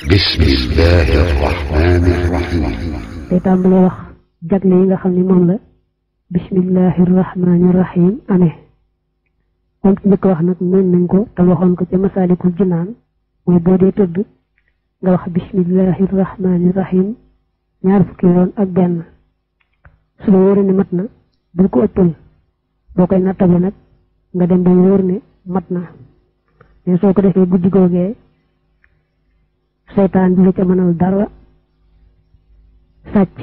Bismillahirrahmanirrahim. rahmani rahim day tàmbalee wax ni moom la bismillahi rahmani rahim ane kon ci njëkk wax nag mën nañ ko te waxoon ko ca masaalikul jinaan mooy boo dee tëdd nga wax bismillahi rahmani rahim ñaar fukki yoon ak benn seytaan bi la ca mënal dara sàcc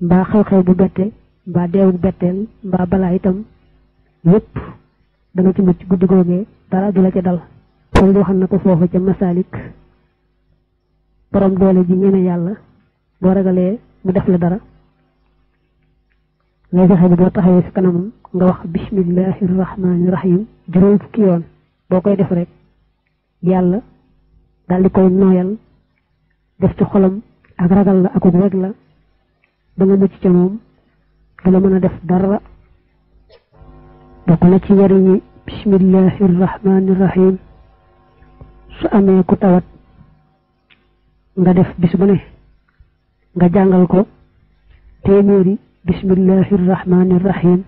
mbaa xew-xew bu bette mbaa deewu betteel mbaa balaa itam yépp da nga ci mucc guddi googee dara du la ca dal loolu waxoon na ko foofu ca masalik borom doole ji ñene yàlla boo ragalee mu def la dara ngay fexe bi boo taxawee si kanamam nga wax bismillahi rahmaani rahim juróom fukki yoon boo koy def rek yàlla daal di koy nooyal def ci xolam ak ragal la ak weg la ba nga mucc ca moom du la mën a def dara bokk na ci njariñi bismillahi rahmaani rahim su amee ku tawat nga def bis bu ne nga jàngal ko téeméeri bismillahi rahmaani rahim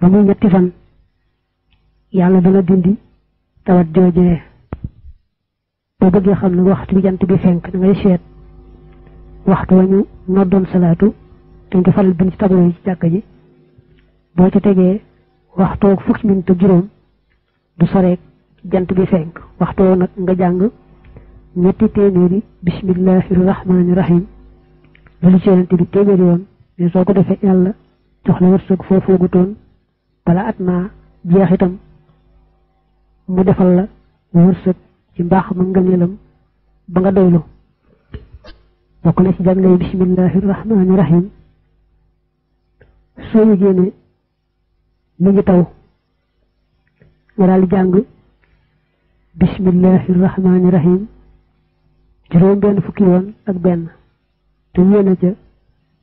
ba muy ñetti yàlla dana dindi tawat joojee bo bëgge xam ne waxtu bi jant bi fenk da ngay seet waxtu wañu ñu noddoon salaatu dañ ko faral bind ci tableau ci jàkka ji bo ci waxtu ak fukki minute ak juróom du sore jant bi fenk waxtu nak nga jàng ñetti téeméeri bismillahir rahmanir rahim loolu ci yonente bi téeméeri yoon mais soo ko defee yàlla jox la wërsëg foo foogutoon bala at maa jeex itam mu defal la wërsëg ci mbaax ma ngëneelam ba nga doylu bokk na ci jàngale bismillahi rahmaani rahim soo yëgee ne mi ngi taw nga daal di jàng bismillahi rahmaani benn fukki yoon ak benn te yéene ca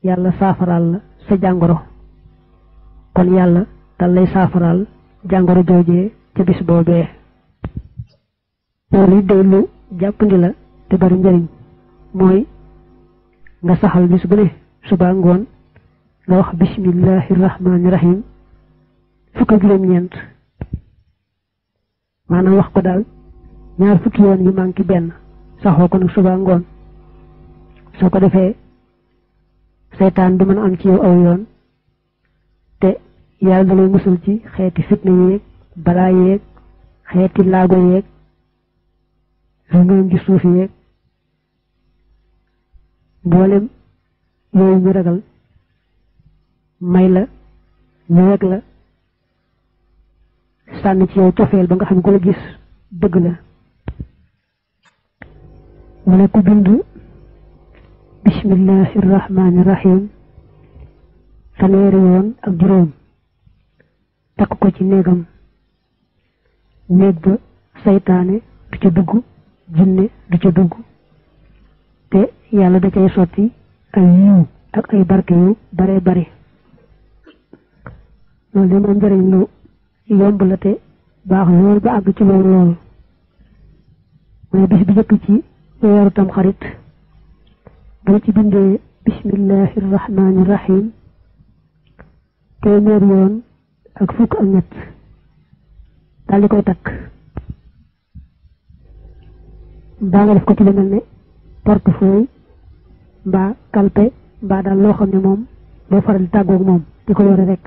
yàlla saafaraal la sa jàngoro kon yàlla dal lay saafaraal jàngoro joojee ca bis boobee loolu day lu jàppandi la te bari njariñ moy nga saxal bis bu ne suba ngon nga wax bismillahir rahmanir rahim fuk ak juróom ñent mana wax ko dal ñaar fuk yoon yu manki ben saxo ko nag suba ngon ko du am ci yow yoon te yàlla da lay musul ci xeeti fitna yeeg balaa yeeg ngërëm ji suuf yeeg mboolem yooyu ñu ragal may la ñu weg la sànni ci yow cofeel ba nga xam ne la gis bëgg la mu ne ku bind bismillahi rahmaani yoon ak juróom takk ko ci néegam néeg ba saytaane du ca dugg jinne du ca dugg te yàlla da cay sotti ay yiw ak ay barke yu bare bare loolu de moom njëriñ lu yomb la te baax lool ba àgg ci moom lool mooy bis bi jëkk ci weeru tam xarit boo ci bindee bismillahi rahmaani rahim téeméer ak fukk ak ñett daal di koy takk mbaa nga def ko ci lu mel ne portefeuille mbaa kalpe mbaa daal loo xam ne moom day faral di tàggoog moom di ko yore rek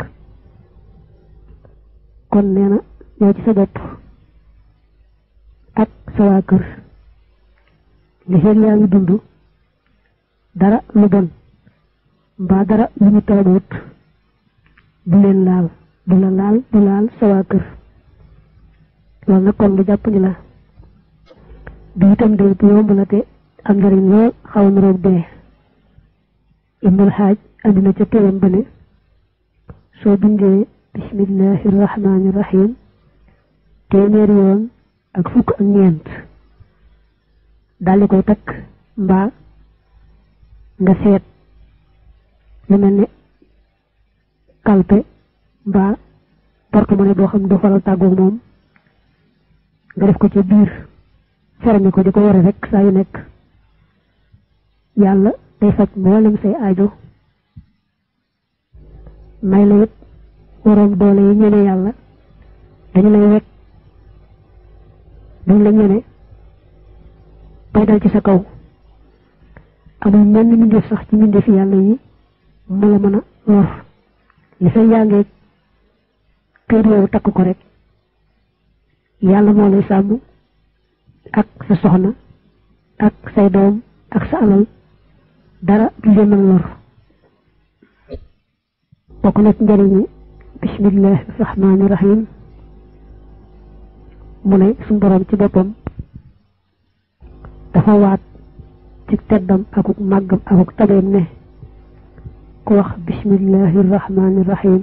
kon nee na yow ci sa bopp ak sa waa kër li xeeg yaa ngi dund dara lu bon mbaa dara lu ñu toogut du leen laal du la laal du laal sa waa kër loolu nag kon nga jàpp ni la bi itam day bu yomb la te am njëriñ lool xaw na roog dee ibnul xaaj andi na ca téeram ne soo bindee bismillahi rahmaani rahim téeméeri yoon ak fukk ak ñeent daal di koy takk mbaa nga seet lu mel ne kalpe mbaa porte-monnaie boo xam ne du faral moom nga def ko ca ferme ko diko ko yore rek saa yu nekk yàlla day faj mboolem say aajo may la it waroom doole yi ñene yalla dañu lay wet dañ la ñene bay dal ci sa kaw amu amul menn mbindeef sax ci fi yalla yi mo la mëna wax ni li sa yàngee kër yow takk ko rek yalla mo lay sàmm sa soxna ak say doom ak sa alal dara du leen mën lor bokk na ci njëriñu bismillahi rahmaani rahim mu ne suñu borom ci boppam dafa waat ci teddam akuk màggam akuk tabeem ne ku wax bismillahi rahmaani rahim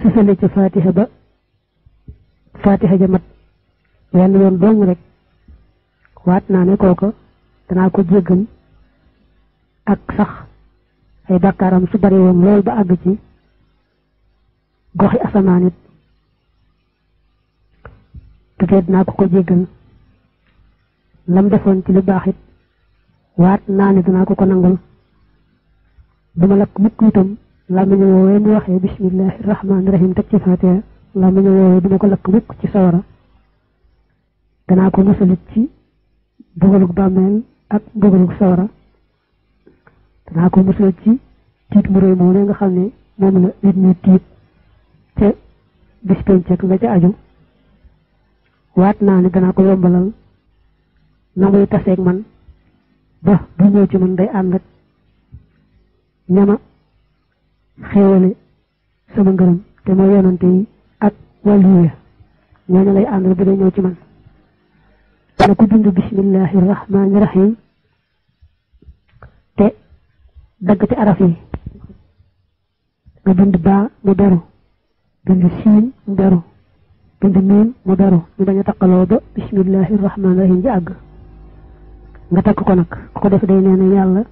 sësale ca fatiha ba fatiha ja mat wenn yoon dong rek waat naa ne kooka danaa ko jéggal ak sax ay dakaaram su bari woon lool ba àgg ci goxi asamaan it te tey ko ko jéggal lam defoon ci lu baax waat naa ne danaa ko ko nangul duma lakk mukk itam làmmiñu woowee mu waxee bismillahi rahmaani rahim teg ci faatiha làmmiñu woowee duma ko lakk mukk ci sawara danaa ko musalit ci mbugaluk bàmmeel ak mbugaluk sawara danaa ko musal ci tiit mu réy moom nga xam ni moom la nit ñi tiit te bis pencek la ca aju waat naa ni danaa ko yombalal na muy taseeg man ba bu ñëw ci man day ànd ak ñama xéewale sama ngërëm te mooy yonante yi ak wàllu ya ñooñu lay àndal bu dee ñëw ci man la ko dund bismillahi rahmani rahim te dagati araf yi nga ba mu daru dund siin mu daru dund miim mu daru ñu bañ a taqaloo ba bismillahi rahim ji àgg nga takk ko nag ku ko def day nee na yàlla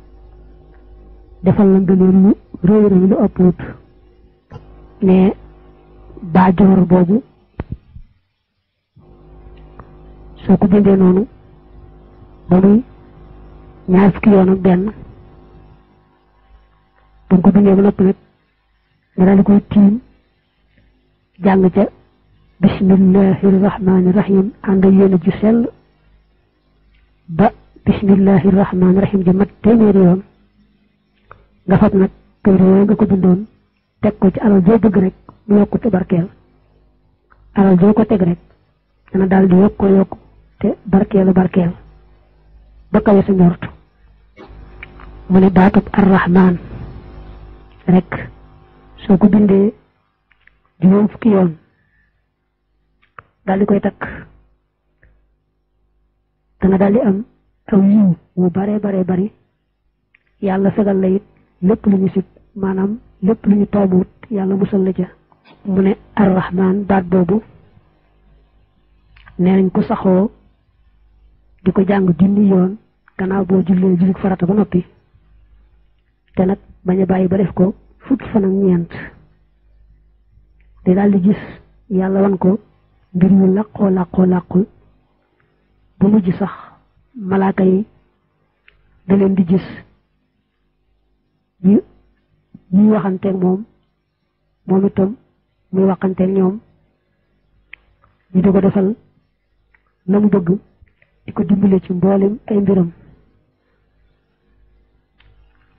defal la ngëneel lu ëpp ne jor boobu soo ko jëndee noonu ba muy ñaar fukki yoon ak benn bu ko bindee ba noppi nag nga daal di koy tiim jàng ca bismillahi rahmaani rahim ànd ak yéen ju sell ba bismillahi rahmaani rahim ja mat téeméeri yoon nga fat nag kër yooyu nga ko bindoon teg ko ci alal joo bëgg rek mu yokku te barkeel alal joo ko teg rek dana daal di yokk ko te barkeelu barkeel ba kawe sa njort mu ne rahman, arrahman rek soo ko bindee juróom fukki yoon daal di koy takk da daal di am aw yiw wu bare bare bari yàlla fegal la it lépp lu ñu sib maanaam lépp lu ñu toobuut yàlla musal la ca mu ne arrahman baat boobu nee ko saxoo di ko jàng junni yoon gannaaw boo jullee farata ba noppi te nag bañ a bàyyi ba def ko fukki fan ak ñeent te daal di gis yàlla wan ko mbir yu làqoo làqoo làqul bu ji sax malaaka yi da leen di gis ñu ñuy waxanteeg moom moom itam muy waxanteeg ñoom ñu di ko defal na mu bëgg di ko dimbale ci mboolem ay mbiram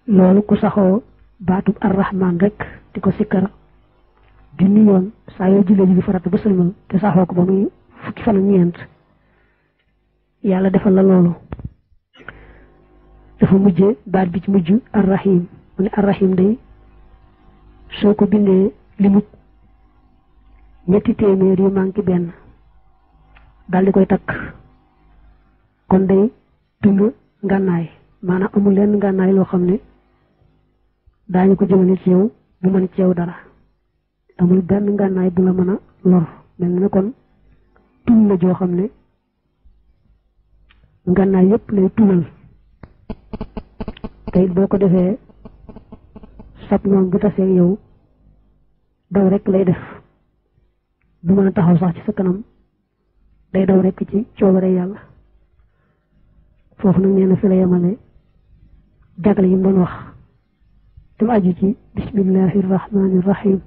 loolu ku saxoo baatub arrahman rek di ko sikkar junni yoon saa yoo jullee ji bi ba sëlmal te saxoo ko ba muy fukki fan ñeent yàlla defal la loolu dafa mujje baat bi ci mujj arrahim mu ne arrahim day soo ko bindee li mujj ñetti téeméer yu manqué benn dal di koy takk kon day dund ngànnaay maanaam amul lenn ngànnaay loo xam ne daañu ko jëmale ci yow bu mën ci dara amul benn ngànnaay bu la mën a lor mel na kon tul la joo xam ne ngànnaay yépp lay tulal te boo ko defee sab noonu bu tasee yow daw rek lay def du mën a taxaw sax ci sa kanam day daw rek ci coobare yàlla foofu nag nee na fi la yemale jagal yi mu doon wax te mu aju ci bismillahi rahmani rahim